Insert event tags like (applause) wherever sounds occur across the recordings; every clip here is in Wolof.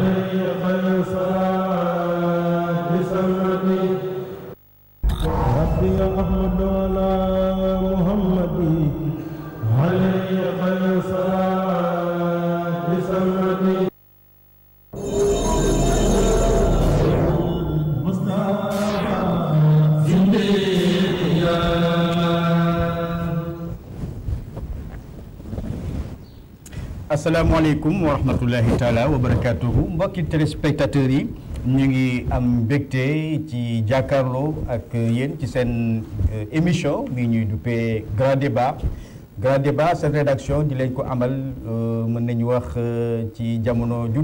عليه خير صلاة بسمته Assalamualaikum warahmatullahi wabarakatuh. taala wa barakatuhu téléspectateurs yi ñu ngi am mbégte ci jàkkaarloo ak yéen ci seen eh, émission bi ñuy grand débat grand débat rédaction di leen ko amal euh, mën wax euh, ci jamono ju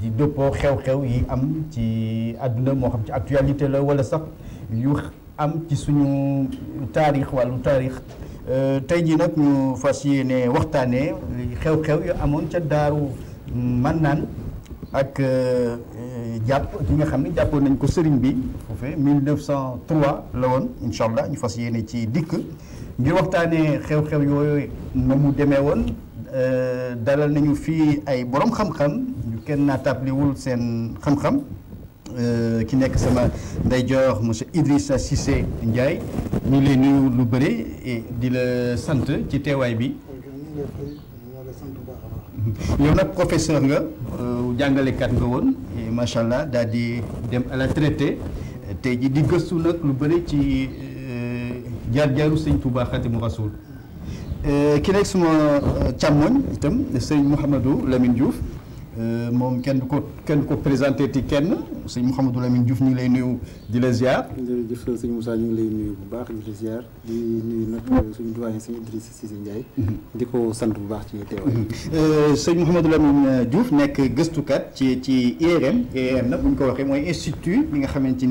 di dëppoo xew-xew yi am ci àdduna moo xam ci actualité la wala sax yu am ci suñu tarikh walu tarikh. Euh, tey jii nag ñu fas yéene waxtaanee xew-xew yu amoon ca daaru Mannaan ak euh, jàpp ki nga xam ne jàppoon nañ ko sëriñ bi foofee 1903 la woon incha allah ñu fas yéene ci dikk ngir waxtaanee xew-xew yooyu na mu demee woon euh, dalal nañu fii ay boroom xam-xam ñu kenn naatabliwul seen xam-xam Euh, ki nekk sama ndeyjoor monsieur Idrissa Cissé Ndiaye ñu ngi lay nuyu lu bëri et di la sant ci teewaay bi. yow nag professeur nga euh, jàngalekat nga woon macha allah daal di dem à la traité tey ji di gëstu nag lu bëri ci euh, jaar Seigne sëñ Touba Xaadimu Rasuul ki nekk suma càmmoñ itam Seigne Mouhamadou Lamine Diouf. Euh, mom kenn du ko kenn du ko présenter ti kenn sëñ Mouhamadou Lamine Diouf ñu lay nuyu di la ziar. jërëjëf sëñ Moussa ñu lay nuyu bu baax di la ziar di nuyu nag euh, suñu doyen sëñ Idrissa Cissé Ndiaye. Mm-hmm. di ko sant bu baax ci teewaay. Mm-hmm. Euh, sëñ Mouhamadou Lamine Diouf nekk gëstukat ci ci IRM IRM nag buñ ko waxee moy institut bi nga xamante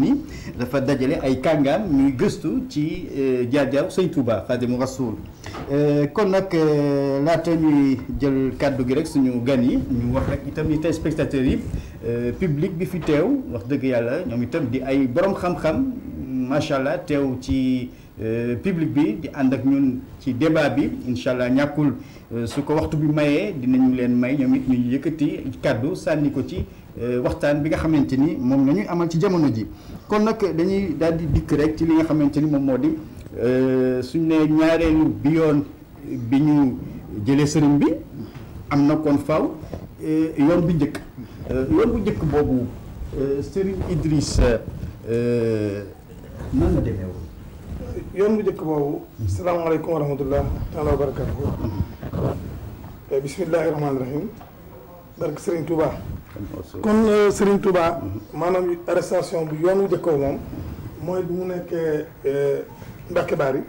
dafa dajalé ay kangam ñuy gëstu ci jaar-jaaru sëñ Touba rasoul Rasuul kon nak la ñuy jël kaddu gi rek suñu gan yi ñu wax rek. itam yi téléspectateurs yi euh, public bi fi teew wax dëgg yàlla ñoom itam di ay borom xam-xam macha allah teew ci euh, public bi di ànd ak ñun ci débat bi incha allah ñàkkul euh, su ko waxtu bi mayee dinañu leen may ñoom it ñu yëkkati kàddu sànni ko ci waxtaan bi nga xamante ni moom na ñuy amal ci jamono ji kon nag dañuy daal di dikk rek ci li nga xamante ni moom moo di suñ ne ñaareelu bi yoon bi ñu jëlee sëriñ bi am na kon faw Euh, yoon bu njëkk euh, yoon bu njëkk boobu euh, Serigne Idriss yoon bu njëkk boobu salaamaaleykum wa rahmatullah taala wa barakaatu bismillahi rahmaani rahim barke Serigne Touba kon Serigne tubaa maanaam arrestation bi yoon wu njëkkoo moom mooy bu mu nekkee Mbàkke Baari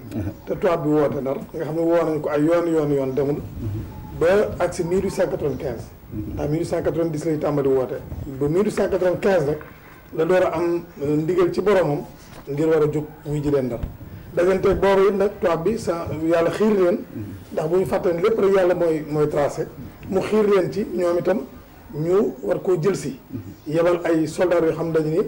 te tubaab bi woote Ndar nga xam ne woo nañ ko ay yoon yoon yoon demul ba ak si 1895 ndax 1890 lay tàmbali woote. ba 1895 rek la door a am euh, ndigal ci boromam ngir war a jóg wuy ji leen ndar dagante boobu it nag tubaab bi sa yàlla xiir leen ndax bu ñu fàtte ne lépp rek yàlla mooy mooy tracé mu xiir leen ci ñoom itam ñu war koo jël si. yebal ay soldats yoo xam dañu ni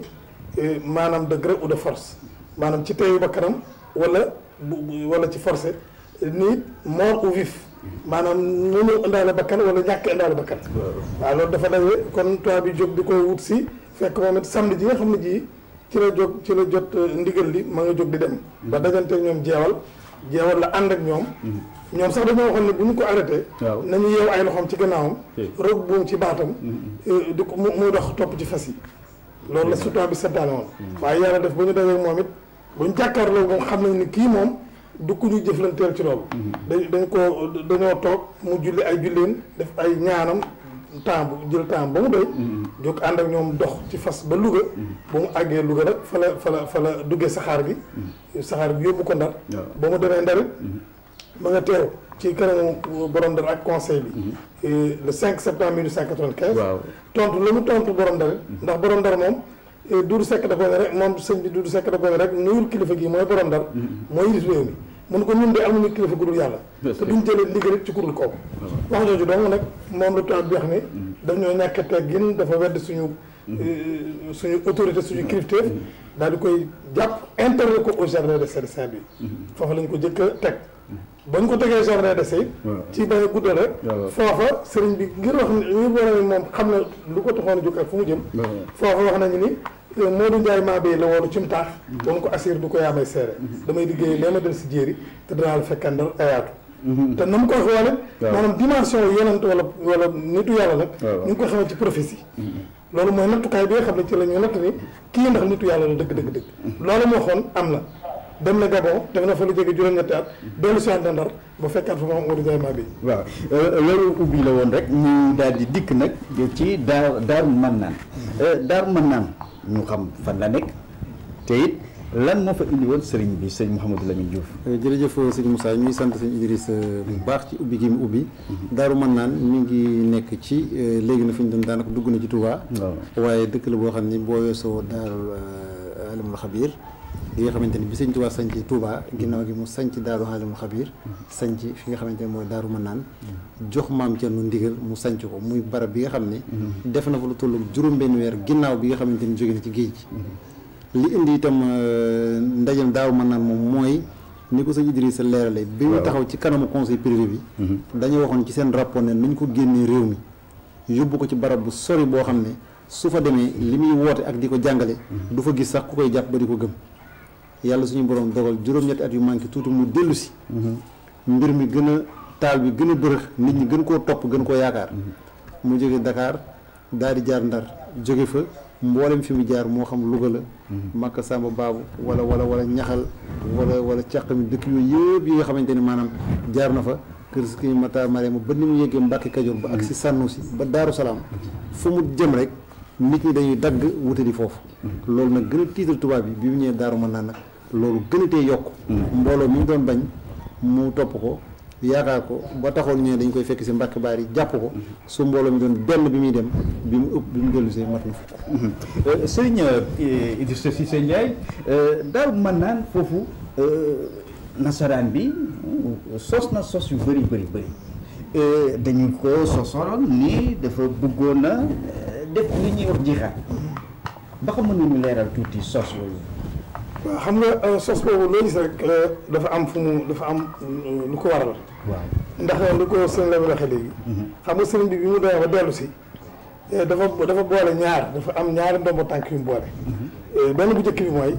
euh, maanaam de gré ou de force maanaam ci teeyu ba kanam wala bu wala ci force nit mort ou vif. maanaam mënu indaale bakkan wala ñàkk indaale bakkan waaw loolu dafa dawe kon toit bi jóg di koy wut si fekk moom it samedi ji nga xam ne ji ci la jóg ci la jot euh, ndigal li ma nga jóg di dem ba mm-hmm. dajante ñoom jeewal jeewal la ànd ak ñoom mm-hmm. ñoom sax dañoo waxoon ne bu ñu ko arrêté nañu yeew ay loxoom ci gannaawam rog buum ci baatam mm-hmm. euh, di ko muy dox topp ci fas yi loolu la su toit bi santaane woon waaye yàlla def ba ñu dajee moom it bu ñu jàkkaarloo moom xam nañ ni kii moom du ku ñu jëflanteel ci loolu. Mhm. dañ dañ koo dañoo toog mu julli ay julleen def ay ñaanam temps bu jël temps ba mu doy. Mhm. jóg ànd ak ñoom dox ci fas ba Louga. Mhm. ba mu àggee luga nag fa la fa la fa la duggee saxaar gi saxaar bi yóbbu ko ndar. ba mu demee ndarit ma nga teew ci kanamu borom ndar ak conseil bi. Eh, le 5 septembre 1895. waaw tontu la mu tontu borom ndar ndax borom ndar moom. Eh, du Seck da ko ne rek moom sëñ bi Doudou Sekk da ko rek nuyul kilifa gi mooy borom ndar. mooy mun ko ñun de am nañu kilifa gudul yàlla te duñ jëlee liggéey ci gudul kooku wax jooju dong nag moom la tubaab bi wax ni mm-hmm. dañoo ñàkk teggin dafa wedd suñu mm-hmm. euh, suñu autorité suñu kilifteef mm-hmm. daal di koy jàpp interne ko au jardin des Saint-Louis foofa lañ ko jëkk a teg bañ ko tegee jardin des Saint ci bañ a guddal foofa sëriñ bi ngir wax ngir war a moom xam na lu ko taxoon a fu mu jëm foofa wax nañu ni Modou Ndiaye maa bay la woon ci mu taax ba mu ko assir du ko yaamay seere damay liggéey lee ma dem si jéeri te danaa la fekkee ndar ayaatu mhm. te na mu ko waxee wala maanaam dimension yonent wala wala nitu yàlla nag ñu ko xamal ci prophétie mhm. loolu mooy nattukaay bi xam ne ci la ñuy natt ni kii ndax nitu la dëgg dëgg dëgg mhm. loolu moo xoon am na dem na Gabon def na fa lu jege juróom-ñetti at dellu si ànd ndar ba fekkaat fa moom Modou Ndiaye maa bi waaw loolu euh, ubbi la woon rek ñu daal di dikk nag ci daar daaru mën naan euh, daaru mën naan ñu xam fan la nekk te it lan moo fa indi woon sëriñ bi sëriñ Mouhamadou Lamine Diouf. Euh, jërëjëf euh, sëñ Moussa ñuy sant sëñ Idriss euh, bu mm-hmm. baax ci ubbi gi mu ubbi. Mm-hmm. Daaru Mannaan ñu ngi nekk ci léegi na fi ñu doon daanaka dugg na ci Touba. waaye dëkk la boo xam ni boo weesoo Daaru Alimul Xabiir yi nga xamante ni bi sëñ Tuubaa sanc Tuubaa ginnaaw gi mu sanc daaru Xaalimul Xabiir sanc fi nga xamante ni mooy daaru Manaan jox maam Cerno ndigal mu sanc ko muy barab bi nga xam ne def na fa lu tollu juróom benn weer ginnaaw nga xamante ni jóge na ci géej gi li indi itam euh, ndajam daaru Manaan moom mooy ni ko sëñ Idrissa leerale bi ñu taxaw ci kanamu conseil privé bi mhm. dañu waxoon ci seen rapport ne nañ ko génnee réew mi yóbbu ko ci barab bu sori boo xam ne su fa demee li muy woote ak di ko jàngale mhm. du fa gis sax ku koy jàpp ba di ko gëm yalla suñu borom dogal juróom ñet at yu manki tutu mu dellu si mbir mi gëna a taal bi gëna a nit ñi gën ko top gën ko yaakar mu jëgé Dakar daari jaar Ndar jëgé fa mboolem fi mu jaar mo xam lu gëla Makka Samba babu wala wala wala ñaxal wala wala ciak mi dëkk yoy yëpp yi nga xamanteni manam jaar na fa keur ci Mata Mariama ba ni mu yeggee Mbàkke ba ak sanu ci ba daru salam fu mu jëm rek nit ñi dañuy dagg wuté di fofu loolu nak gëna titre tuba bi bi mu ñëw daru Manaan nak loolu gën yokk mbooloo mi ñu doon bañ mu topp ko yaakaar ko ba taxoon ñu ne dañ koy fekk si mbakk baar yi jàpp ko su mbooloo mi doon benn bi muy dem bi mu ëpp bi mu dellu see mat na fukk euh, sëñ euh, Idrissa Cissé euh, naan foofu nasaraan bi sos na sos yu bëri bëri bëri dañu ko sosoroon ni dafa bëggoon na def li ñuy wax jixaat ba xam mën nañu leeral tuuti sos yooyu waaw xam nga euh, sos boobu loo gis rek euh, dafa am fu mu dafa am euh, lu ko waral. waaw ndax lu ko sëriñ la waxee léegi. Mhm. xam nga sëriñ bi bi mu demee ba dellu si. dafa dafa boole ñaar dafa am ñaari ndombo tànk yu mu boole. Mhm. benn bu njëkk bi mooy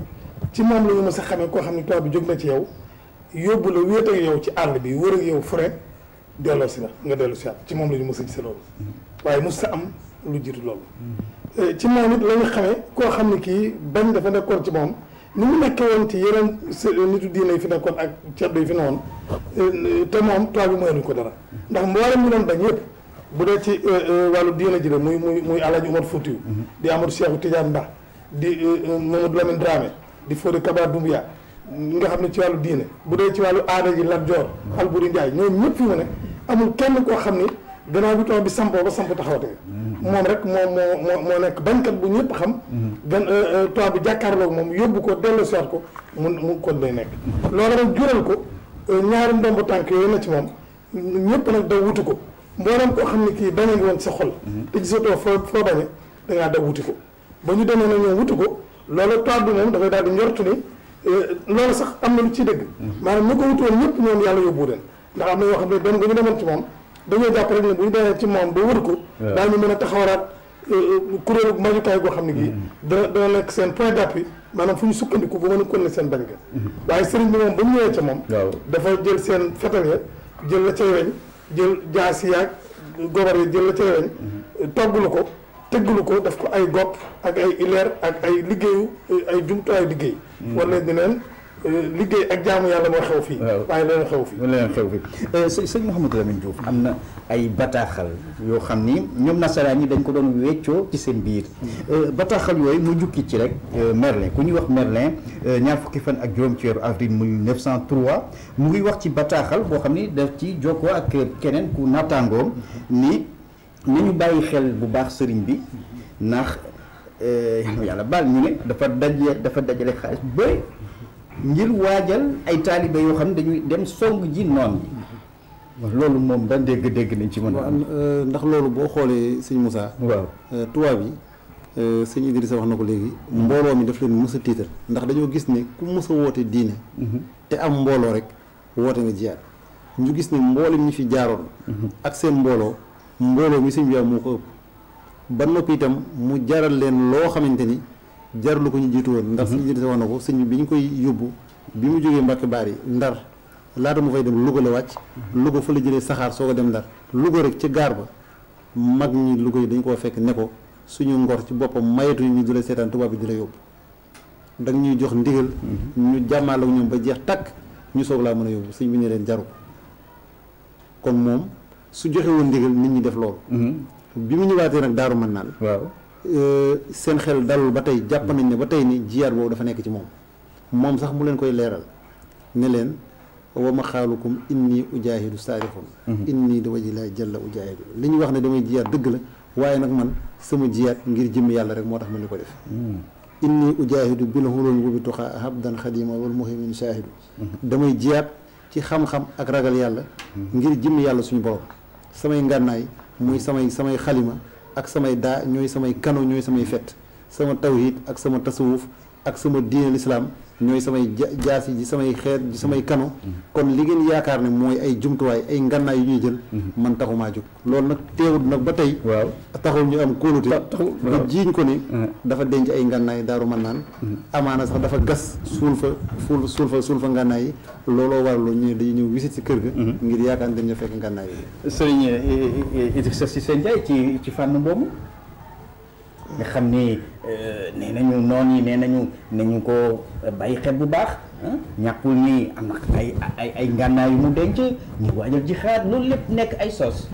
ci moom la ñu mës xamee koo xam ne tubaab bi jóg na ci yow yóbbu la yow ci àll bi wër ak yow fure delloo si la nga dellu si ci moom la ñu mës a gisee loolu mhm. waaye mës a am lu jiitu ci moom la ñu koo xam ne kii bañ dafa nekkoon ci moom. ni mu nekkee woon ci yeneen nitu diine yi fi nekkoon ak ceddo yi fi noonu eh, te moom toit bi mooy ko dara ndax mboolem ñu doon bañ yëpp bu dee ci eh, eh, wàllu diine ji la muy muy muy Alaaji Umar Fuutiyu di Amadou Cheikhou Tidiane Mba di Mamadou Lamine Dramé di Fodé Kabara Doumbouya nga xam ne ci wàllu diine bu dee ci wàllu aada ji Lat Joor Alburi Njaay ñoom ñëpp fi mu ne amul kenn koo xam ni gannaaw bi tool bi sampoo ba samp taxawatee moom rek moom moo moo moo nekk bañkat bu ñëpp xam gan euh, euh, tool bi jàkkaarloog moom yóbbu ko delloosiwaat ko mun mu kon day nekk loolu nag jural ko euh, ñaari ndomb tànk yooyu na ci moom ñëpp nag daw wuti ko mboolem koo xam ne kii bañ a ngi woon sa xol te gisatoo foo wuti ko ba ñu demee na ñoom wuti ko loolu tool bi moom dafay daal di njortu ni loolu sax am na lu ciy dëgg mm. maanaam ñu ko wuti woon ñëpp ñoom yàlla yóbbu den ndax am na yoo xam ne dem nga ñu demoon ci moom dañoo jàpp rek ne bu ñu demee ci moom ba wër ko. waaw daañu mën a taxawaraat euh, euh, kuréelu majukaay goo xam ne gii. Mm-hmm. dana dana nekk seen point d'appui maanaam fu ñu sukkandiku ba mën a continuer seen bañ ga. Mm-hmm. waaye sëriñ bi moom ba mu ñëwee ca moom. dafa jël seen fetal ya jël la ca weñ jël jaasi yaag gobar yi jël la ca weñ mm-hmm. togglu ko tëgglu ko daf ko ay gopp ak ay ileer ak ay liggéeyu ay jumtuwaayu liggéey. wala dinañ. liggéey ak jaamu yàlla moo xew fii. waaw waaye leneen xew fii. leneen xew fii sëñ Mouhamadou Lamine Diouf am na ay bataaxal yoo xam ni ñoom nasaraan yi dañ ko doon weccoo ci seen biir bataaxal yooyu mu jukki ci rek Merlin ku ñuy wax Merlin ñaar fukki fan ak juróom ci weeru avril muy 903 mu ngi wax ci bataaxal boo xam ni daf ci jokkoo ak keneen ku naataangoom ni nañu bàyyi xel bu baax sëriñ bi ndax yàlla baal ñu ne dafa daje dafa dajale xaalis bëri. ngir waajal ay taalibe yoo xam ne dañuy dem song ji noon loolu moom ban dégg-dégg nañ ci mën a euh, ndax loolu boo xoolee sëñ musa waaw euh, tubaab yi euh, sëñ Idrissa wax na ko léegi mbooloo mi daf leen mës a tiital ndax dañoo gis ne ku mës a woote diine mhm. te am mbooloo rek woote nga jiyaat ñu gis ne mboolem ñi fi jaaroon mhm. ak seen mbooloo mbooloo mi sëñ bi moo ko ëpp ba noppi itam mu jaral leen loo xamante ni jarlu ko ñu jiitu woon ndax mhm. suñu jiite woon na ko sëñ bi ñu koy yóbbu bi mu jógee Mbàkke Baari Ndar laata mu fay dem Louga la wàcc mhm. Louga fa la jëlee saxaar soo ko dem Ndar Louga rek ci gaar ba mag ñi Louga yi dañ koo fekk ne ko suñu ngor ci boppam mayatu ñu di la seetaan tubaab bi di la yóbbu da ñuy jox ndigal mhm. ñu jàmmaale ak ñoom ba jeex takk ñu soog laa mën a yóbbu sëñ bi ne leen jaru kon moom su joxe woon ndigal nit ñi def loolu bi mu ñëwaatee nag daaru mën naa waaw Euh, seen xel dalul ba tey jàpp nañ ne ba tey ni jiyaar boobu dafa nekk ci moom moom sax mu leen koy leeral ne leen wa ma xaalukum inni ujaahidu saarixun mhm. inni di waji laa jalla ujaahidu li ñu wax ne damay jiyaar dëgg la waaye nag man sama jiyaat ngir jëmm yàlla rek moo tax man ni ko def mhm. inni ujaahidu bil hulul wa bi tuxaa habdan xadima wal muhimin shaahidu mhm. damay jiyaat ci xam ak ragal yàlla ngir jëmm yàlla suñu borom samay ngànnaay muy samay samay xalima ak samay daa ñooy samay kano ñooy samay fet sama tawhid ak sama tasawuf ak sama diine lislaam ñooy samay jaas yi samay xeet ji samay kano kon li ngeen yaakaar ne mooy ay jumtuwaay ay ngannaay yu ñuy jël man taxumaa jóg loolu nag teewul nag ba tey waaw taxul ñu am kóolute di jiiñ ko ni dafa denc ay ngannaay daaru man naan amaana sax dafa gas suul fa suul suul fa suul fa ngannaay yi looloo war loolu ñu ne dañuy ñëw wisit si kër ga mhm. ngir yaakaar ne dañu fekk ngannaay yi sëriñ eh, eh, eh, Idrissa si Ndiaye ci ci fànn boobu nga xam ni euh, ne nañu noon yi nee nañu nañu ko bàyyi xet bu baax ñàkkul nii am na ay ay ay ngànnaay yu mu denc ñu waajal ji xaar loolu lépp nekk ay sos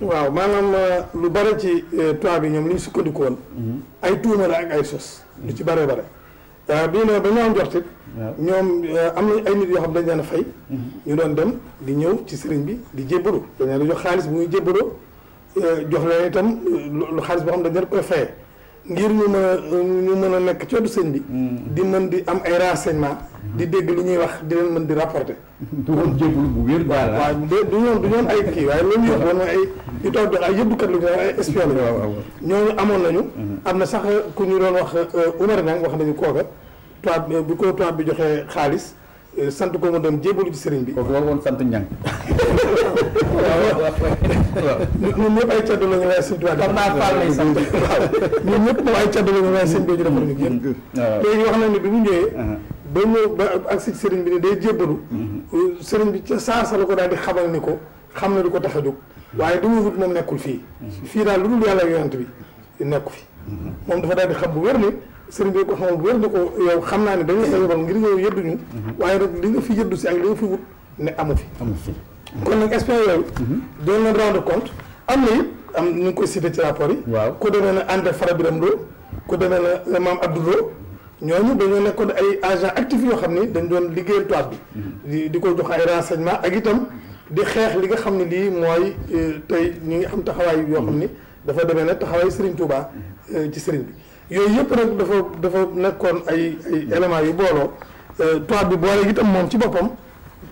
waaw maanaam euh, lu bare ci euh, toit bi ñoom li ñu sukkandikoon mhm. ay tuuma la ak ay sos lu ci bare bare bii nag ba ñu am jortit ñoom am na ay nit yoo xam dañ leen a fay mhm. ñu doon dem di ñëw ci sëriñ bi di jébbalu dañ leen jox xaalis bu muy jébbaloo Euh, jox leen itam lu xaalis boo xam ne dañ koy fay ngir ñu mën ñu mën a nekk ci wetu sëñ bi. di mën di am ay renseignement di dégg li ñuy wax di leen mën di rapporter. du jégul bu wér. voilà waaw du ñoon du ñoon ay kii waaye loolu ñu wax ay ñu toog doon ay yëbbukat lu ñu ay espion la ñooñu amoon nañu. Mhm. am na sax ku ñu doon wax euh, Umar Nang wax nañu kooka tubaab bi ko tubaab bi joxee xaalis. Euh, sant ko mu dem jébalu ci sëriñ bi. kooku war sant Ndiang. waaw waaw ñun ñëpp ay caddu la ñu waaye sëñ Tuubaa. naa Fall lay sant. waaw ñun ñëpp moom ay caddu la ñu waaye génn. léegi wax nañ ne bi mu ñëwee. Uh-huh. ba mu ba sëriñ bi ne day jébalu. Mm-hmm. Euh, sëriñ bi ca saasa ko daal di xamal ni ko xam na du ko tax a jóg. Mm-hmm. waaye du mu wut moom nekkul fii. Mm-hmm. fii daal lu dul yàlla yonent bi nekku fi. moom dafa daal di xam bu wér ni sëriñ bi ko xamal wér na ko yow xam naa ne dañ la ko ngir yow yëdduñu mhm. waaye rek li nga fi yëddu si ak li nga fi wut ne amu fi amu fi kon nag expérience yooyu mhm. doon leen rendre compte am na it am ñu ngi koy cité ci rapport yi waaw ku demee na Anta Fara Biram Lo ku demee na Maam Abdou Lo ñooñu dañoo nekkoon ay agent actif yoo xam ni dañ doon liggéeyal toit bi mhm. di ko jox ay renseignement ak itam di xeex li nga xam ne lii mooy euh, tey ñu ngi am taxawaay yoo xam ni dafa demee na taxawaay Serigne Touba euh, ci Serigne bi yooyu yëpp nag dafa dafa nekkoon ay ay yu booloo euh, tubaab bi boole itam moom ci boppam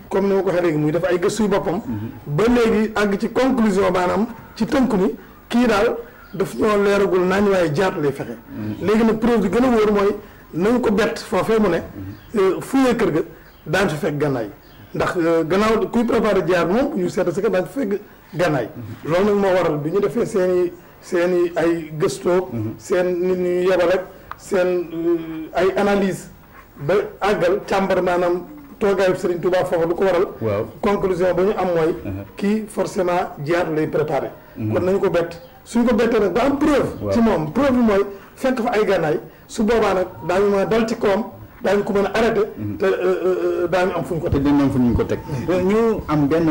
comme ni ma ko waxee léegi muy def ay gëstu yu boppam. Mhm. ba léegi àgg ci conclusion maanaam ci tënk ni kii daal daf ñoo leeragul nañ waaye jaar lay fexe. Mhm. léegi nag preuve bi gën a wóor mooy nañ ko bett foofee mu ne. Mhm. Euh, fuuyee kër ga daan fi fekk gannaay ndax euh, gannaaw kuy préparé jaar moom ñu seet si que daan fi fekk gannaay. loolu nag moo waral bi ñu defee seen i seen i ay gëstoog mhm. seen nit ñu yebal rek seen euh, ay analyse ba àggal càmbar maanaam toogaayu Serigne Touba foofu lu ko waral conclusion ba ñu am mooy mhm. kii forcément jaar lay préparé mhm. kon nañu ko bett suñ ko bettee rek ba am preuve ci moom preuve bi mooy fekk fa ay gannaay su boobaa nag daañu ma dal ci koom daañu ko mën a arrêté. Mhm. te euh, euh, euh, daañu am fu ñu ko teg. dinañ am fu ñu ko teg. ñu am benn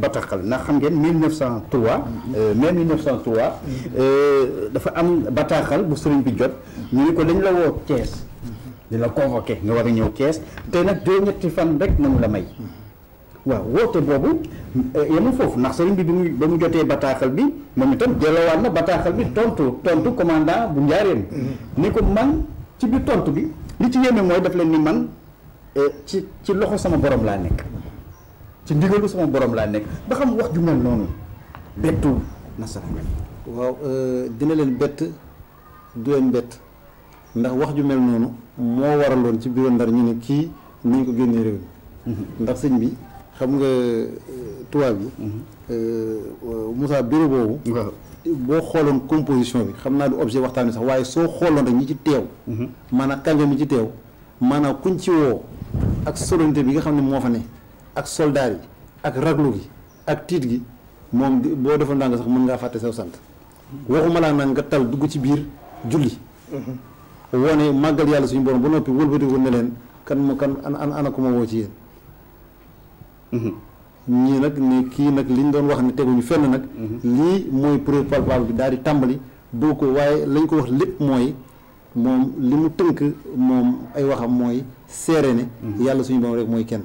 bataaxal ndax xam ngeen 1903. Mhm. mai 1903. Mhm. dafa am bataaxal bu sëriñ bi jot. ñu ni ko dañ la woo Thiès. di la nga war a ñëw kees te nag doo ñetti fan rek nañu la may. waaw woote boobu yemul foofu ndax sëriñ bi bi mu ba mu jotee bataaxal bi moom itam delloowaat na bataaxal bi tontu tontu commandant bu njaareem. ni ko man ci biir tontu bi. li ci yéeme mooy daf leen ni man eh, ci ci loxo sama borom laa nekk ci ndigalu sama borom laa nekk ba xam wax ju mel noonu bettu nasaraan waaw euh, dina leen bett du leen bett ndax wax ju mel noonu moo waraloon ci bureau Ndar ñu ne kii nañ ko génnee réew mi mm-hmm. ndax sëñ bi xam nga euh, tubaab bi mm-hmm. euh, Moussa bureau boobu boo xooloon composition bi xam naa du objet waxtaan wi sax waaye soo xooloon rek ñi ci teew. Mhm. maanaam kànja mi ci teew maanaam kuñ ci woo ak solonité bi nga xam ne moo fa ne ak soldaar yi ak raglu gi ak tiit gi moom boo defoon ndànk sax mun ngaa fàtte saw sant. waxuma laa nag nga tal dugg ci biir julli. Mhm. wone màggal yàlla suñu borom ba noppi wëlbatiku ne leen kan ma kan an an ana ku ma ci yéen. Mhm. ñii nag ne kii nag liñ doon wax ne teguñu fenn nag mhm. lii mooy preuve palpable bi daal di tàmbali boo ko waaye lañ ko wax lépp mooy moom li mu tënk moom ay waxam mooy seere ne mhm. yàlla suñu borom rek mooy kenn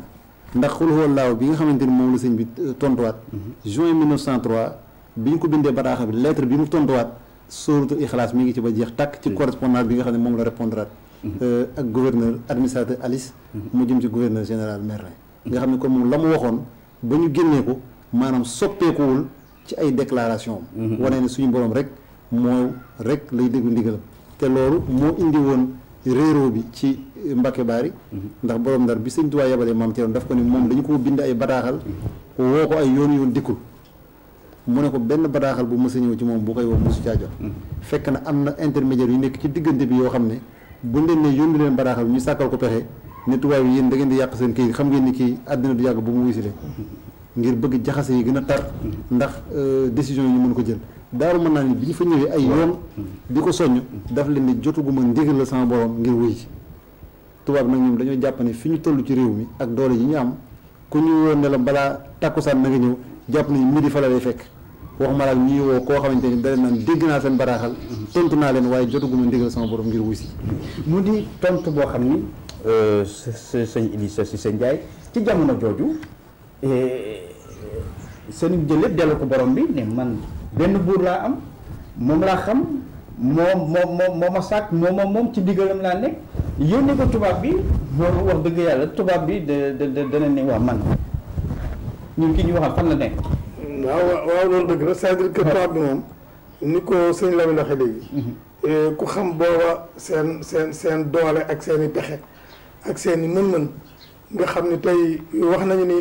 ndax xul xool laaw bi nga xamante ni moom la sëñ bi euh, tontuwaat mhm. juin 1903 bi ñu ko bindee bataaxa bi lettre bi mu tontuwaat sóorutu ixlaas mu ngi ci ba jeex tàkk ci correspondance bi nga xam ne moom la répondraat euh, ak gouverneur administrateur Alice mu jëm ci gouverneur général Merlin nga xam ne comme moom la mu waxoon ba ñu génnee ko maanaam soppeekuwul ci ay déclaration mhm. wane ne suñu borom rek moo rek lay déglu ndigalam te loolu moo indi woon réeroo bi ci Mbacke Bari mhm. ndax borom ndar bi sëñ Tuubaa yabalee maam Thierno daf ko ni moom dañu ko bind ay bataaxal mhm. woo ko ay yoon yoon dikkul mu ne ko benn bataaxal bu mës a ci moom bu koy woo mosu caa jot fekk na am na intermédiaire yu nekk ci diggante bi yoo xam ne buñ leen ne yónni leen bataaxal ñu sàkkal ko pexe ne tubaab yi yéen da ngeen di yàq seen kii xam ngeen ni kii àddina du yàgg bu mu wuysi leen ngir bëgg jaxase yi gën a tar ndax euh, décision yi ñu mën ko jël daaru mën naa ni bi ñu fa ñëwee ay yoon di ko soññ daf leen ni jotuguma ndigal la sama borom ngir wuy ci tubaab nag ñoom dañoo jàpp ne fi ñu toll ci réew mi ak doole yi ñu am ku ñu woon ne la balaa tàkkusaan na nga ñëw jàpp nañ midi fa la lay fekk waxuma laak ñuy woo koo xamante ni daleen naan dégg naa seen baraaxal tontu naa leen waaye jotuguma ndigal sama borom ngir wuy si mu di sëñ ini Cissé Ndiaye ci jamono jooju eh, seen jël lépp dellu ko borom bi ne man benn buur laa am moom laa xam moom moom moom moo ma sàkk moom moom moom ci diggalam laa nekk yónni ko tubaab bi moo wax dëgg yàlla tubaab bi da da dana ne waa man ñun ki ñu waxal fan la cest dire que bi mhm. eh, ku xam doole ak pexe. ak seen i mën-mën nga xam ne tey wax nañu ni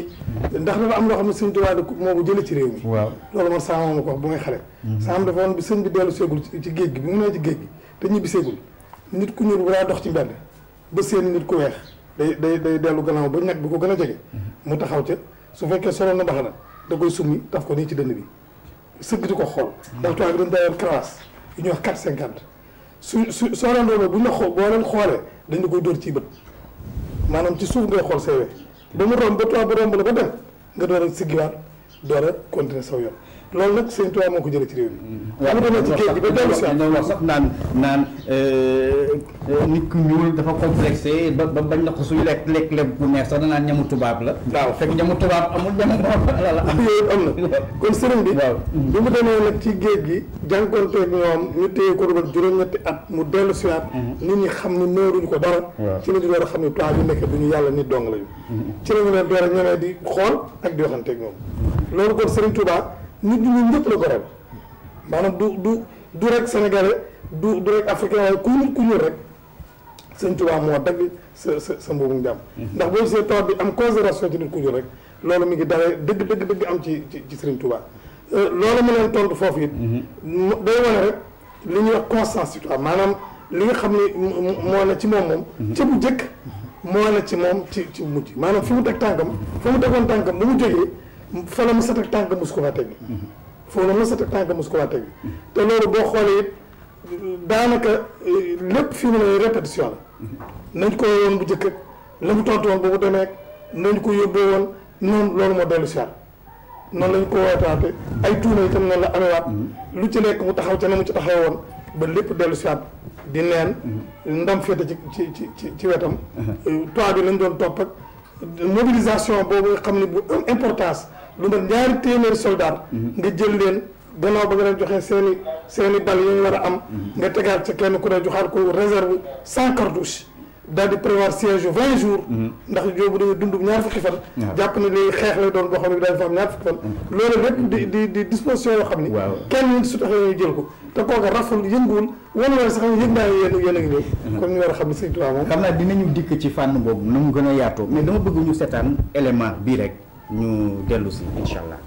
ndax dafa am loo xam ne sëñ Tuubaa moo ko jëlee ci réew mi. waaw loolu man sama ma ko wax bu may xale. sama dafa woon bi sëñ bi dellu seegul ci géej gi bi mu nee ci géej gi te ñibbi seegul nit ku ñuul bu daa dox ci mbedd ba seen nit ku weex day day day dellu gannaaw ba ñag bi ko gën a jege. mu taxaw ca su fekkee solo na mbaxana da koy summi daf ko nii ci dënn bi sëgg di ko xool. ndax tubaab bi dañ daa yor crasse yu ñuy wax 4 50 su su soo leen doonee bu ñu la xoo boo leen xoolee dañ la koy dóor ci bët maanaam ci suuf nga xool CV ba mu romb ba toog ba romb la ba dem nga door a siggiwaat door a continuer saw yoon loolu nag Sëñ Tuubaa moo ko jëlee ci réew mi. waaw wax sax naan naan euh, euh, nit ku ñuul dafa see ba ba bañ na ko suñu lekk lekk lekk bu neex sax danaan ñamu tubaab la. waaw fekk ñamu tubaab amul ñamu la am. (laughs) yooyu am na kon sëriñ bi. waaw demee nag ci géej gi. jànkuwanteeg ñoom ñu téye ko rek juróom-ñetti at mu dellu si waat. Mm-hmm. nit ñi xam ne nooruñu ko dara. ci la ñu door a xam ne tubaab yi nekk duñu yàlla nit dong lañu. Mm-hmm. ci la ñu leen door a ñemee di xool ak di waxanteeg ñoom. Mm-hmm. loolu kon Sëriñ Tuubaa nit ñi ñun la ko rek maanaam du du du rek sénégalais du du rek africain waaye ku ñu ku ñu rek sëñ Tuubaa moo dagg sa sa sa mboobu jàmm mhm. ndax boobu see taw bi am considération ci nit ku ñu rek loolu mi ngi dalee dëgg dëgg dëgg am ci ci ci sëriñ Tuubaa euh, loolu ma leen tontu foofu it mhm. day wane rek li ñuy wax constance ci Tuubaa maanaam li nga xam ne moo na ci moom moom mhm. ca bu jëkk moo na ci moom ci ci mujj maanaam fi mu teg tànkam fa mu tegoon tànkam ba mu jógee fa la mu set ak tànk mos ko faa foo la mu set ak tànk mos ko faa te loolu boo xoolee it daanaka eh, lépp fi mu ne répétition la nañ ko woon bu njëkk ak la mu tontu woon nañ ko yóbbee woon noonu loolu moo dellu si waat noonu lañ ko wootaate ay tuuma itam noonu la amewaat lu ci nekk mu taxaw ca na mu ci taxaw woon ba lépp dellu si di neen ndam féete ci ci ci ci ci wetam toit bi lañ doon topp mobilisation boobu xam ne bu importance lu ma ñaari téeméeri soldat mhm. nga jël leen gannaaw ba nga leen joxee seen i seen i bal yi war a am mhm. nga tegaat ci kenn ku ne joxaat ko réserve cent cartouches daal di prévoir siège vingt jours mhm. ndax joobu dañuy dund ñaar fukki fan jàpp ne léegi xeex lay doon boo xam ne daal fa am ñaar fukki fan loolu rek di di yoo xam ni kenn nit su taxee ñu jël ko te kooka raful yënguwul wala wala sax yëg naa yéen yéen a ngi ñëw kon ñu war a xam ne sëñ moom xam naa dinañu dikk ci fànn boobu na mu gën a yaatoo mais dama bëgg ñu bii rek ñu dellu si incha allah.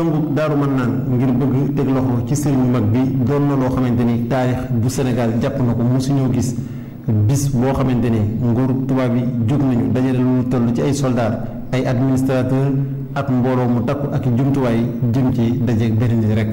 congub daaru mën naan ngir bëgg teg loxo ci sëriñ mag bi doon na loo xamante ni taarix bu Sénégal jàpp na ko mosuñoo gis bis boo xamante ne nguur tubaab yi jóg nañu dajale lu toll ci ay soldaar ay administrateur ak mbooloo mu takku ak jumtuwaay jëm ci dajeeg benn nit rek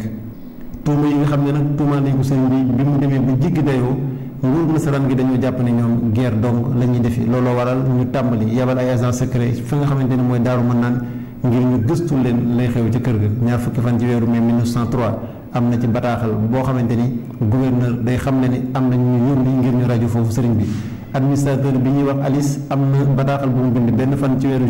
tuuma yi nga xam ne nag tuuma nañ ko sëriñ bi bi mu demee ba jiggi dayoo nguur nasaraan gi dañoo jàpp ne ñoom guerre dong la ñuy defi looloo waral ñu tàmbali yabal ay agent secret fi nga xamante ne mooy daaru mën naan ngir ñu gëstu leen lay xew ci kër ga ñaar fukki fan ci weeru mai 1903 am na ci bataaxal boo xamante ni gouverneur day xam ne ni am na ñu yónni ngir ñu rajo foofu sëriñ bi administrateur bi ñuy wax Alice am na bataaxal bu benn fan ci weeru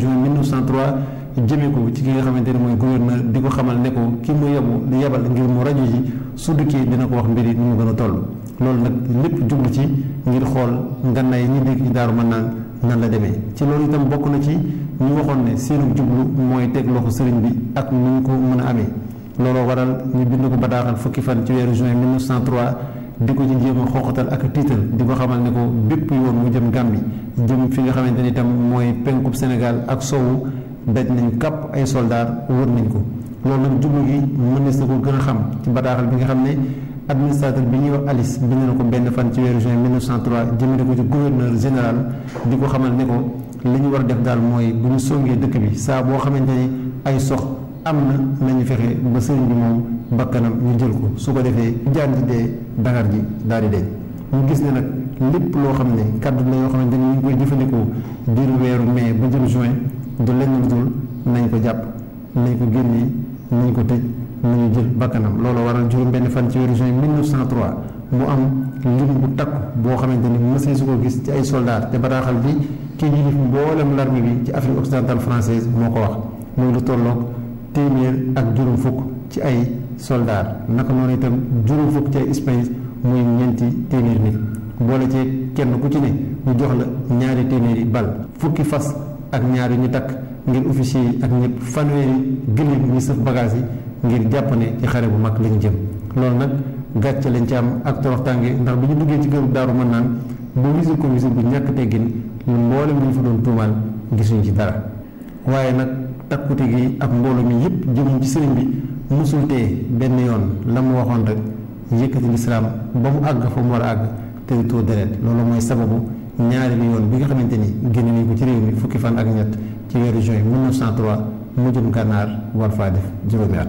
jëmee ko ci ki nga xamante ne mooy gouverneur di ko xamal ne ko ki mu yebu di yebal ngir mu rajo ji su dikkee dina ko wax mbiri ni mu gën a toll loolu nag lépp jublu ci ngir xool ngànnaay ñi nekk ci daaru mën naan nan la demee ci loolu itam bokk na ci ñu waxoon ne seenu jublu mooy teg loxo sëriñ bi ak nu ñu ko mën a amee looloo waral ñu bind ko bataaxal fukki fan ci weeru juin 1903 di ko ci jéem a xooxatal ak tiital di ko xamal ne ko bépp yoon mu jëm Gàmbi jëm fi nga xamante ni itam mooy penkub Sénégal ak sowu daj nañ kàpp ay soldaar wër nañ ko loolu nag jublu gi mënees na ko gën a xam ci bataaxal bi nga xam ne administrateur bi ñuy wax Alice bind na ko benn fan ci weeru juin 1903 jëmale ko ci gouverneur général di ko xamal ne ko li ñu war a def daal mooy bu ñu songee dëkk bi saa boo xamante ne ay sox am na nañu fexe ba sëriñ bi moom bakkanam ñu jël ko su ko defee jaan ji dee dagar ji daal di dee ñu gis ne nag lépp loo xam ne kàddu la yoo xamante ne dañ jëfandikoo diiru weeru mai ba jëm du lenn lu nañ ko jàpp nañ ko génnee nañ ko tëj nañu jël bakkanam loolu waral juróom-benn fan ci weeru juin 1903 mu am lim bu takku boo xamante ni mësee su ko gis ci ay soldaar te bataaxal bi kii yilif mboolem l'armée bi ci Afrique occidentale française moo ko wax muy lu tolloog téeméer ak juróom fukk ci ay soldaar naka noonu itam juróom fukk ci ay espagnol muy ñeenti téeméer nit boole ci kenn ku ci ne ñu jox la ñaari téeméeri bal fukki fas ak ñaar ñu tak ngir officier yi ak ñëpp fanweeri gëléem ñu sëf bagage yi ngir japp ne ci xare bu mak liñu jëm lool nak gàcce lañ ci am ak torox tangé ndax bu ñu duggé ci gëru daaru mën naan bu wisu ko wisu bu ñak teggin ñu mboolem mu fa doon tuumaal gisuñ ci dara waye nak takuti gi ak mbolu mi yépp jëm ci sëriñ bi musul tee benn yoon lam waxon rek yëkkati l'islam ba mu ag fa mu wara ag àgg te di deret loolu moy sababu ñaareelu yoon bi nga xamante ni génne nañ ko ci réew mi fukki fan ak ñett ci weeru juin mu jëm gànnaar war faa def juróomi at.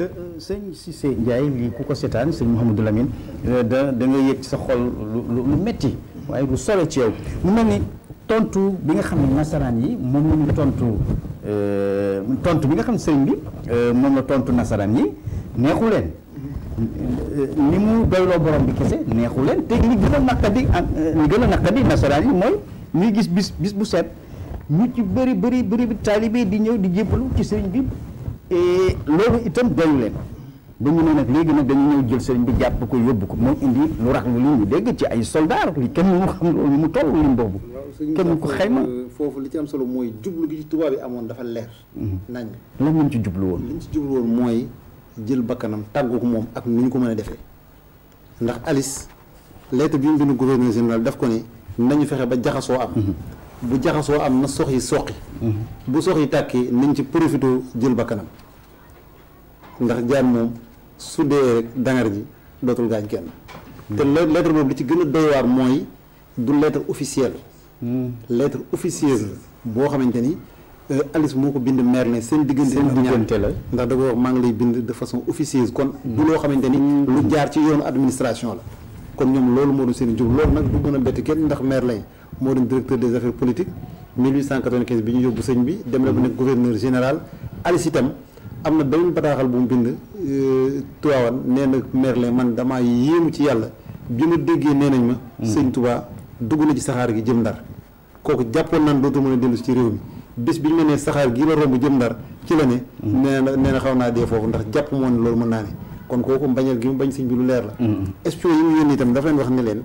Euh, euh, sëñ Cissé Ndiaye lii ku ko seetaan sëñ Mouhamadou Lamine euh, da da yëg sa xol lu lu metti waaye lu solo ci yow mu mel ni tontu bi nga xam ne nasaraan yi moom la ñu tontu. Euh, tontu bi nga xam sëriñ bi euh, moom la tontu nasaraan yi neexu leen euh, ni mu doyloo borom bi kese neexu leen te li gën a naqadi ak li gën a naqadi nasaraan yi mooy ñuy gis bis bis bu set ñu ci bëri bëri bëri bi taalibe di ñëw di jébbalu ci sëriñ bi loolu itam doyu leen dañu ne nag léegi nag dañu ñëw jël sëriñ bi jàpp ko yóbbu ko moom indi lu rax li ñu dégg ci ay soldaar li kenn mu xam loolu mu toll lim boobu kenn ko xayma euh, foofu li ci am solo mooy jublu gi ci tubaab yi amoon dafa leer mm-hmm. nañ lan mu ci jublu woon liñ ci jublu woon mooy jël bakkanam tàgg ko moom ak nu ñu ko mën a defee ndax Alice lettre bi mu bind gouverneur général daf ko ne nañu fexe ba jaxasoo am mm-hmm. bu jaxasoo am na sox yi soqi mm-hmm. bu sox yi tàkki nañ ci profité jël bakkanam ndax jaan su dangar ji dootul gaañ kenn. te lettre boobu li ci gëna a doy waar mooy du lettre officielle. Hmm. lettre officielle bo xamanteni ni euh, Alice moko ko bind Merlin sen diggante. seen diggante la ndax da wax ngi lay bind de façon officielle. kon. du lo xamanteni hmm. lu jaar ci yoon administration la. kon ñom loolu mo do seen jub loolu nak du mën a kenn ndax Merlin moo doon directeur des affaires politiques 1895 bi ñu yóbbu sëñ bi dem la bu gouverneur général Alice itam. am na benn bataaxal bu mu bind euh, Tiwaawan nee na Merlin man damaa yéemu ci yàlla bi ma déggee nee nañ ma. Hmm. sëñ Touba dugg na ci saxaar gi jëm ndar kooku jàppoon naan dootu mën a dellu ci réew mi bis bi ñu ma nee saxaar gi la romb jëm ndar ci la ne. Hmm. nee na nee na xaw naa dee foofu ndax jàpp moo loolu mën naa ne kon kooku mbañeel gi mu bañ sëñ bi lu leer la. Hmm. espion yi mu yónni itam dafa leen wax ne leen.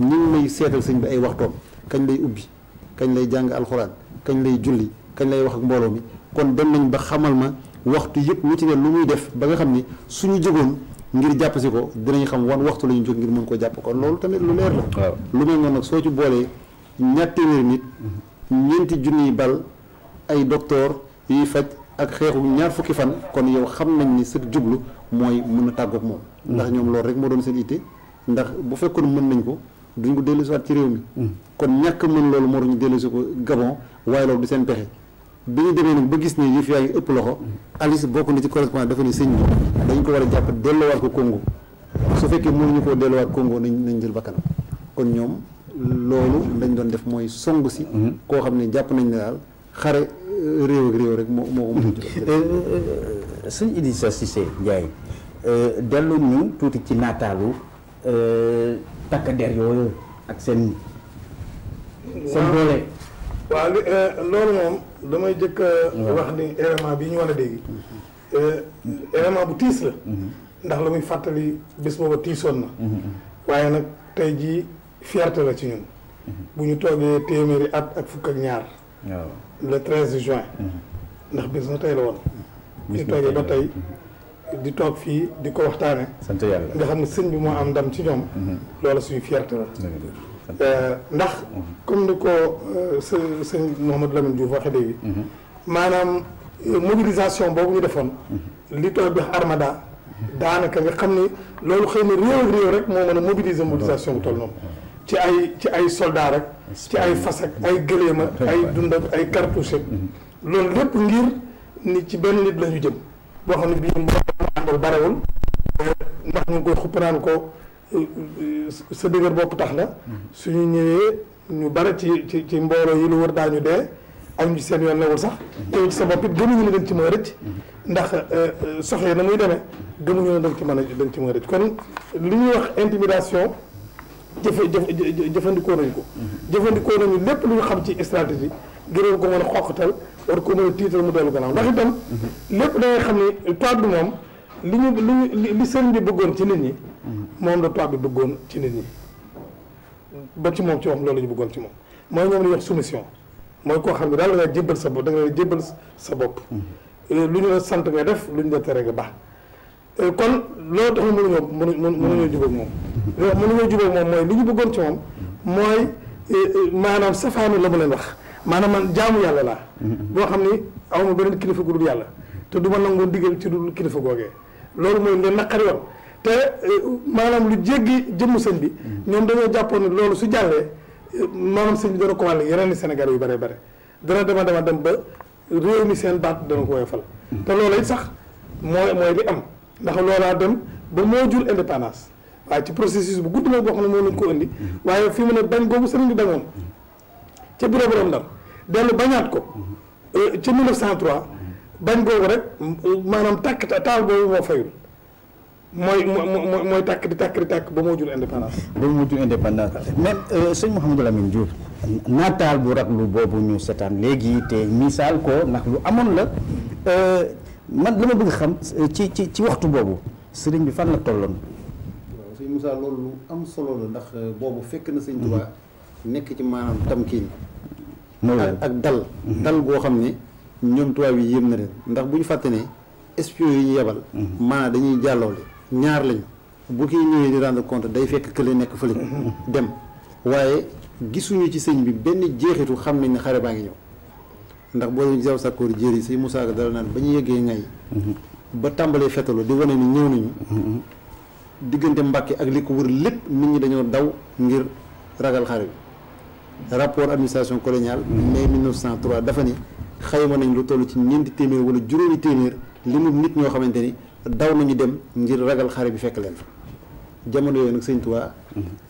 ñu ngi seetal sëñ bi ay waxtoom kañ lay ubbi kañ lay jàng alxuraan kañ lay julli kañ lay wax mbooloo mi waxtu yëpp wuti na lu muy def ba nga xam ni suñu jógoon ngir jàpp si ko dinañ xam wan waxtu la ñu jóg ngir mën koo jàpp kon loolu tamit lu leer la. waaw lu mel noonu nag soo ci boolee ñaar nit ñeenti junniy bal ay docteur yuy faj ak xeexu ñaar fukki fan kon yow xam nañ ni sa jublu mooy mën a tàggoog moom. Mm. ndax ñoom loolu rek moo doon seen itte ndax bu fekkoon mën nañ ko. duñ ko dellusiwaat ci réew mi mm. kon ñàkk mën loolu moo ñu dellusi ko Gabon waaye loolu du seen pexe bi ñu demee nag ba gis ne yëf yaa ngi ëpp loxo Alice bokk na ci correspondant dafa ne sëñ bi dañ ko war a jàpp delloowaat ko Congo su fekkee mënuñu koo delloowaat Congo nañ nañ jël bakkanam kon ñoom loolu lañ doon def mooy song si mm-hmm. koo xam ne jàpp nañ ne daal xare euh, réew ak réew rek moo moo ko mën a euh, euh, sëñ Idrissa Cissé Ndiaye dellu ñu tuuti ci nataalu takk der yooyu ak seen seen doole waaw li euh, loolu moom damay jëkk wax ni élément bi ñu war a dégg mhm. euh, élément bu tiis la mhm. ndax la muy fàttali bés booba tiisoon na mhm. waaye nag tey jii fierté la ci ñun bu ñu toogee téeméeri at ak fukk ak ñaar le treize juin ndax bis na tey la woon bu ñu toogee ba tey di toog fii di ko waxtaane sant yàlla nga xam ne sëñ bi moo am ndam ci ñoom loolu suñu fierté la Euh, ndax comme ni ko euh, sëñ Mouhamadou Lamine Diouf waxee léegi mhm. maanaam euh, mobilisation boobu ñu defoon mhm. li toog bi armada daanaka nga xam ni loolu xëy na réew réew rek moo mën a mobiliser mobilisation bu toll noonu ci ay ci ay soldat rek ci ay fas ak ay gëléem ak ay dund ak ay cartouche ak mhm. loolu lépp ngir nit ci benn nit lañu jëm boo xam ne bii mbooloo mu àndal barewul ndax ñu ngi koy xuppanaan ko sa dëgër bopp tax na suñu ñëwee ñu bare ci ci ci mbooloo yi lu wër daañu dee ak ñu seen yoon newul sax yow ci sa bopp it gëmuñu ne dañ ci mën a rëcc ndax euh, euh, soxee na muy demee gëmuñu ne dañ ci mën a dañ ci mën a rëcc kon li ñuy wax intimidation jëfe jëfandikoo nañ ko jëfandikoo nañu lépp lu ñu xam ci stratégie gënoon ko mën a xoqatal war ko mën a tiital mu dellu gannaaw ndax itam mhm. lépp da xam ne toit bi moom li ñu li ñu li bi bëggoon ci nit ñi moom la tubaab bi bëggoon ci nit ñi ba ci moom ci moom loolu ñu bëggoon ci moom mooy ñoom la ñuy wax soumission mooy jébbal sa bopp da nga sa bopp mm-hmm. lu ñu sant nga def lu ñu la tere nga baax euh, kon loolu tax mënuñoo mm-hmm. moom mënuñoo jubóog moom mooy li ñu bëggoon ci moom mooy euh, euh, maanaam safaanu la mu leen wax maanaam man jaamu yàlla laa boo mm-hmm. xam ni awma beneen kilifa gu yàlla te du ma nangu ndigal ci dul kilifa googee loolu mooy leen naqari te euh, maanaam lu jéggi jëmm sëñ bi ñoom dañoo jàppoon ne loolu su jàllee euh, maanaam sëñ bi dana ko wàll yeneen i Sénégal yu bare bare dana dema dema dem ba réew mi seen baat dana ko woyofal te loolu it sax mooy mooy li am ndax loolaa dem ba moo jur indépendance waaye ci processus bu gudd la boo xam ne moo lañ ko indi waaye fi mu ne bañ googu sëriñ bi demoon ca bureau borom ndam dellu bañaat ko euh, ca 1903 bañ googu rek maanaam tàkk taal boobu moo fayul mooy moo mooy tàkk di tàkk di tàkk ba moo jur indépendance. ba moo jur indépendance mais euh, sëñ Mouhamadou Lamine Diouf naataal bu raglu boobu ñu setaan léegi te misaal ko ndax lu amoon la euh, man la ma bëgg xam euh, ci ci ci waxtu boobu sëriñ bi fan la tolloon. waaw sëñ loolu lu am solo la ndax boobu fekk na sëñ mhm. Tuubaa nekk ci maanaam tamkiin. ak dal. Mhm. dal goo xam ne ñoom tubaab yi yéem na leen ndax bu ñu fàtte ne espion ñu yebal. Mhm. maanaam dañuy jàlloole. ñaar lañu bu kii ñëwee di rendre compte day fekk kële nekk fële dem waaye gisuñu ci sëñ bi benn jeexitu xam nañ ne xare baa ngi ñëw ndax boo leen jaw sàkkoor jéeri si Moussa Ka dara naan ba ñu yëggee ngay ba tàmbalee fetalu di wane ni ñëw nañu diggante Mbàkke ak li ko wër lépp nit ñi dañoo daw ngir ragal xare bi rapport administration coloniale mai 1903 dafa ni xayma nañ lu toll ci ñeenti téeméer wala juróomi téeméer li mu nit ñoo xamante ni daw ñu dem ngir ragal xare bi fekk leen fa jamono yooyu nag sëñ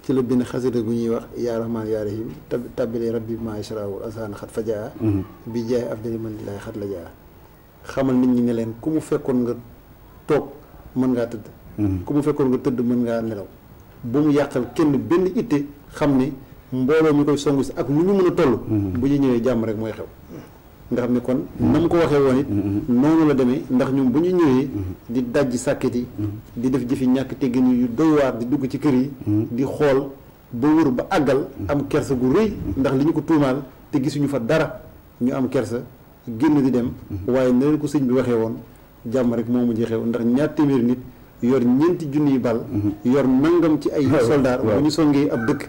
ci la benn xasida gu ñuy wax yaa rahmaan yaa rahim tab tabbile rabbi maa yasraawul asaan xat fa jaa bi jaay afdali man laay xat la jaa xamal nit ñi ne leen ku mu fekkoon nga toog mën ngaa tëdd ku mu fekkoon nga tëdd mën ngaa nelaw bu mu yàqal kenn benn itte xam ni mbooloo mu koy songu si ak nu ñu mën a toll mm-hmm. bu ñu ñëwee jàmm rek mooy xew nga xam ne kon na mu ko waxee woon it mm-hmm. noonu la demee ndax ñun ba ñu ñëwee mm-hmm. di dajj sàkket yi mm-hmm. di def jëfi ñàkk teggin yu doy waar di dugg ci kër yi di xool ba wër ba àggal am kersa gu rëy ndax li ñu ko tuumaal te gisuñu fa dara ñu am kerse génn di dem waaye na leen ko sëñ bi waxee woon jàmm rek moo jeexee xew ndax ñaar téeméeri nit yor ñeenti yi bal yor nangam ci ay (laughs) soldaar bu ñu songee ab dëkk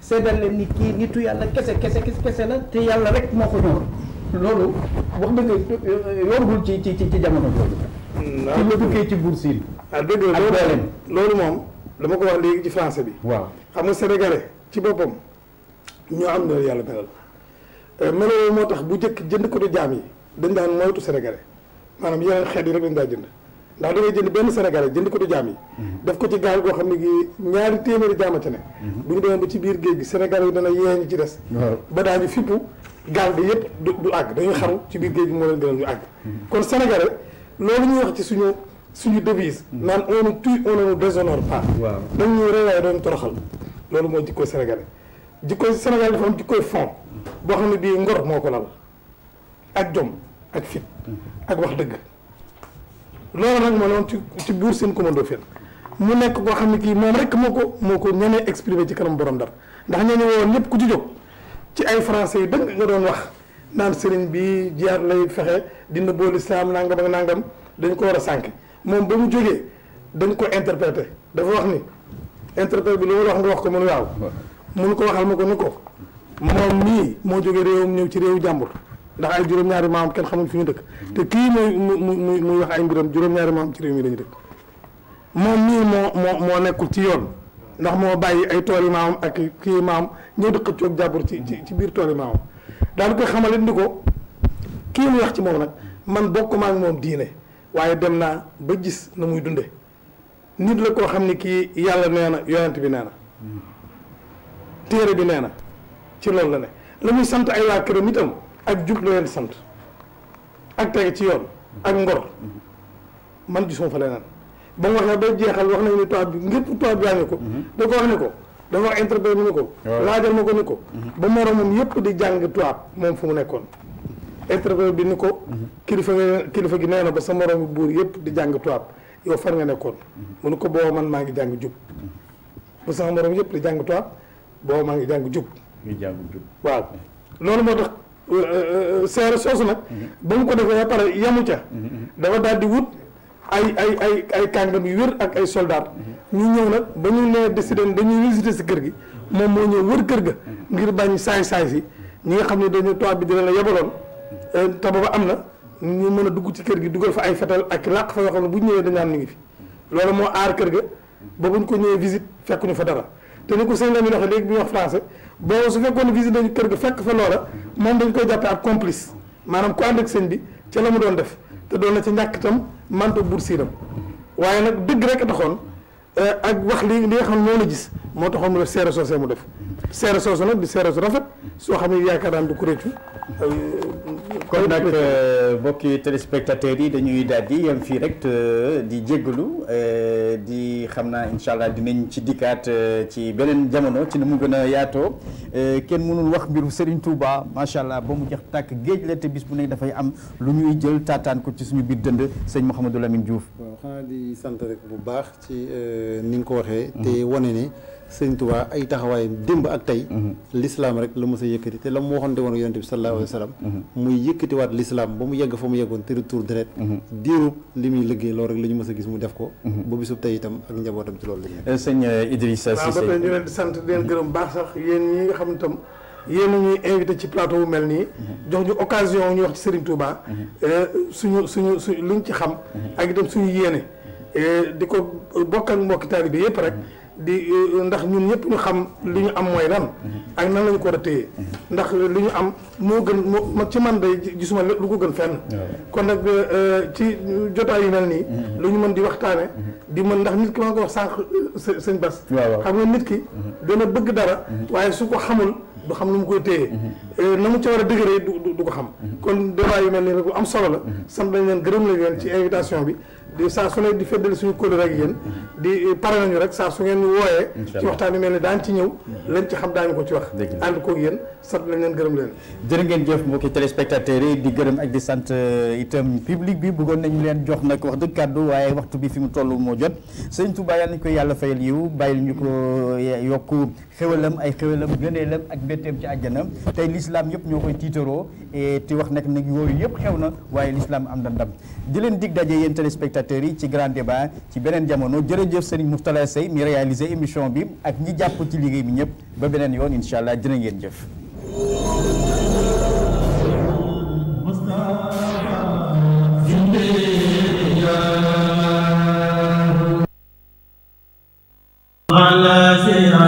seddal leen ni kii nitu yàlla kese kese kese la te yàlla rek moo ko ñor loolu wax dëgg euh, yombul ci ci ci jamono ci jamono ci Buur Siin. Ah, loolu moom dama ko wax léegi ci français bi. waaw xam nga ci boppam ñoo am na yàlla melal euh, melal moo tax bu njëkk jënd ko di jaam yi dañ daan moytu sénégalais maanaam yeneen xeet yi rek dañ daa jënd. ndax da ngay jënd benn sénégalais jënd ko du jaam yi mhm. def ko ci gaal goo xam ne gi ñaari téeméeri jaama ca ne mhm. bu ñu demee ba ci biir géej gi sénégalais yi dana yeeñu ci des ba daañu fippu gaal bi yëpp du àgg dañuy xaru ci biir géej bi moo leen gënal ñu àgg mhm. kon sénégalais loolu ñuy wax ci suñu suñu devise naan on nous tue on ne nous déshonore pas dañ ñuy rey waaye dañu toroxal loolu mooy jikkooy sénégalais jikkooy sénégalais ko am jikkooy fond boo xam ne bii ngor moo ko lal jom ak fit wax dëgg loolu nag moo ne ci ci buur seen commando fen mu nekk koo xam ne kii moom rek moo ko moo ko ñenee exprimer ci kanam borom Ndar ndax ñooñu woon ñëpp ku ci jóg ci ay français yu dëgg nga doon wax naan sëriñ bi jiyaat lay fexe dina bool islam nangam ak nangam dañ ko war a sànq moom ba mu jógee dañ ko interprété dafa wax ni interprété bi lu mu wax nga wax ko mun waaw mun ko waxal ma ko ni ko moom mii moo jógee réewam ñëw ci réewu jàmbur ndax ay juróom-ñaari maam kenn xamul fi ñu dëkk te kii muy muy muy wax ay mbiram juróom-ñaari maam ci réew mi dañu dëkk moom mii moo moo nekkul ci yoon ndax moo bàyyi ay tooli maam ak kii maam ñëw dëkk coog jàppur ci ci biir tooli maamam daal koy xamal it ni ko kii muy wax ci moom nag man bokkuma ak moom diine waaye dem naa ba gis na muy dunde nit la koo xam ne kii yàlla nee na yonent bi nee téere bi nee na ci loolu la ne la muy sant ay waa këram itam ak djub la len sante ak tege ci yoon ak ngor man gisou fa leneen ba nga waxe ba jexal wax nañu ne tubaab bi ngepp toob bi ngi da ko wax ne ko dafa wax interpellé ne ko laajal ma ko ni ko mhm. ba moromam yëpp di jang toob mom fu mu nekkon interpellé bi ni ko kilifa mhm. kilifa gi neena ba sa moromu bur yëpp di jang toob yow far nga nekkon mhm. mu ne ko booba man ma ngi jang djub ba sama morom yëpp di jang toob bo ma ngi jang djub ngi jang djub waaw lolu moo tax Euh, euh, seere soosu nag ba mu ko defee pare yamu ca dafa daal di wut ay ay ay ay kàngam yu wér ak ay soldat ñu ñëw nag ba ñu nee décidé dañuy visiter si kër gi moom moo ñëw wër kër ga ngir bañ saay saay si ñi nga xam ne dañu toit bi dina la yebaloon euh, te booba am na ñu mën a dugg ci kër gi dugal fa ay fetal ak làq fa yoo xam ne bu ñëwee dañaan ñu ngi fi loolu moo aar kër ga ba buñ ko ñëwee visite fekkuñu fa dara te ni ko sëñ la mi waxee léegi bu ñu wax boobu su fekkoon visite dañu kër gi fekk fa loola moom dañu koy jàppee ak complice maanaam ku ànd ak sëñ bi ca la mu doon def te doon na ca ñàkk itam manta buur siiram waaye nag dëgg rek taxoon Euh, ak wax li li nga xam noonu la gis moo taxoon mu def seere soose mu def seere soose nag di seere su rafet soo xam ne yaakaar daan du ko réccu kon nag euh, mbokki téléspectateurs yi dañuy daal di yem fii rek euh, di jéggalu di xam naa incha allah dinañ ci dikkaat ci beneen jamono ci ni mu gën a yaatoo kenn mënul wax mbiru Serigne Touba macha allah ba mu jeex tàkk géej la te bis bu nekk dafay am lu ñuy jël taataan ko ci suñu biir dënd sëñ Mouhamadou Lamine Diouf. waaw xanaa di sant rek bu baax ci. ni nga ko waxee te wane ne sëñ Tuubaa ay taxawaay démb ak tey lislaam rek la ma sa yëkkati te la mu waxante woon ak yonent bi sallallahu alayhi wa sallam muy yëkkatiwaat lislaam ba mu yegg fa mu yeggoon te retour deret diirub li muy liggéey loolu rek la ñu mos gis mu def ko ba bisub tey itam ak njabootam ci loolu la ñu euh, sëñ euh, Idrissa Cissé ba leen di sant di sax yéen ñi nga xam itam yéen ci plateau bu mel nii jox ñu occasion ñu wax ci Serigne Touba euh, suñu suñu suñ luñ ci xam ak itam suñu yéene di ko bokk ak mbokki taalibe yëpp rek di euh, ndax ñun ñëpp ñu xam li ñu am mooy lan ak nan lañu ko war a téye ndax li ñu am moo gën moo ci man day gisuma lu ko gën fenn kon nag euh, ci jotaay yu mel nii lu mën di waxtaane di mën ndax nit ki ma ko wax sànq sëñ xam nga nit ki dana bëgg dara mhm. waaye su ko xamul du xam nu mu koy téye mhm. euh, na mu ca war a dëgëree du du ko xam mhm. kon débat yu mel nii rek lu am solo la sam dañ leen gërëm la leen ci invitation bi di saa su ne di feddali suñu kóllëre ak yéen mm-hmm. di pare nañu rek saa su ngeen ñu wooyee ci waxtaan yu mel ni daan ci ñëw mm-hmm. lañ ci xam daañu ko ci wax ànd koog yéen sant lañ leen gërëm leen jërë ngeen jëf mbokki téléspectateurs yi di gërëm ak di sant euh, itam public bi bëggoon nañu leen jox nag wax dëgg kàddu waaye waxtu bi fi mu toll moo jot sëñ Touba yàlla nañ ko yàlla fay yiw bàyyil ñu ko euh, yokk xéwalam ay xéwalam gëneelam ak mbetteem ci àjjanam tey lislaam yëpp ñoo koy tiitaroo ti eh, wax nag nag yooyu yëpp xew na waaye l'islam am na ndam di leen dig daje yéen téléspectateurs yi ci grand débat ci beneen jamono jërëjëf Serigne Mourtala Sey mi réalisé émission bi ak ñi jàpp ci liggéey bi ñëpp ba beneen yoon incha allah jërë ngeen jëf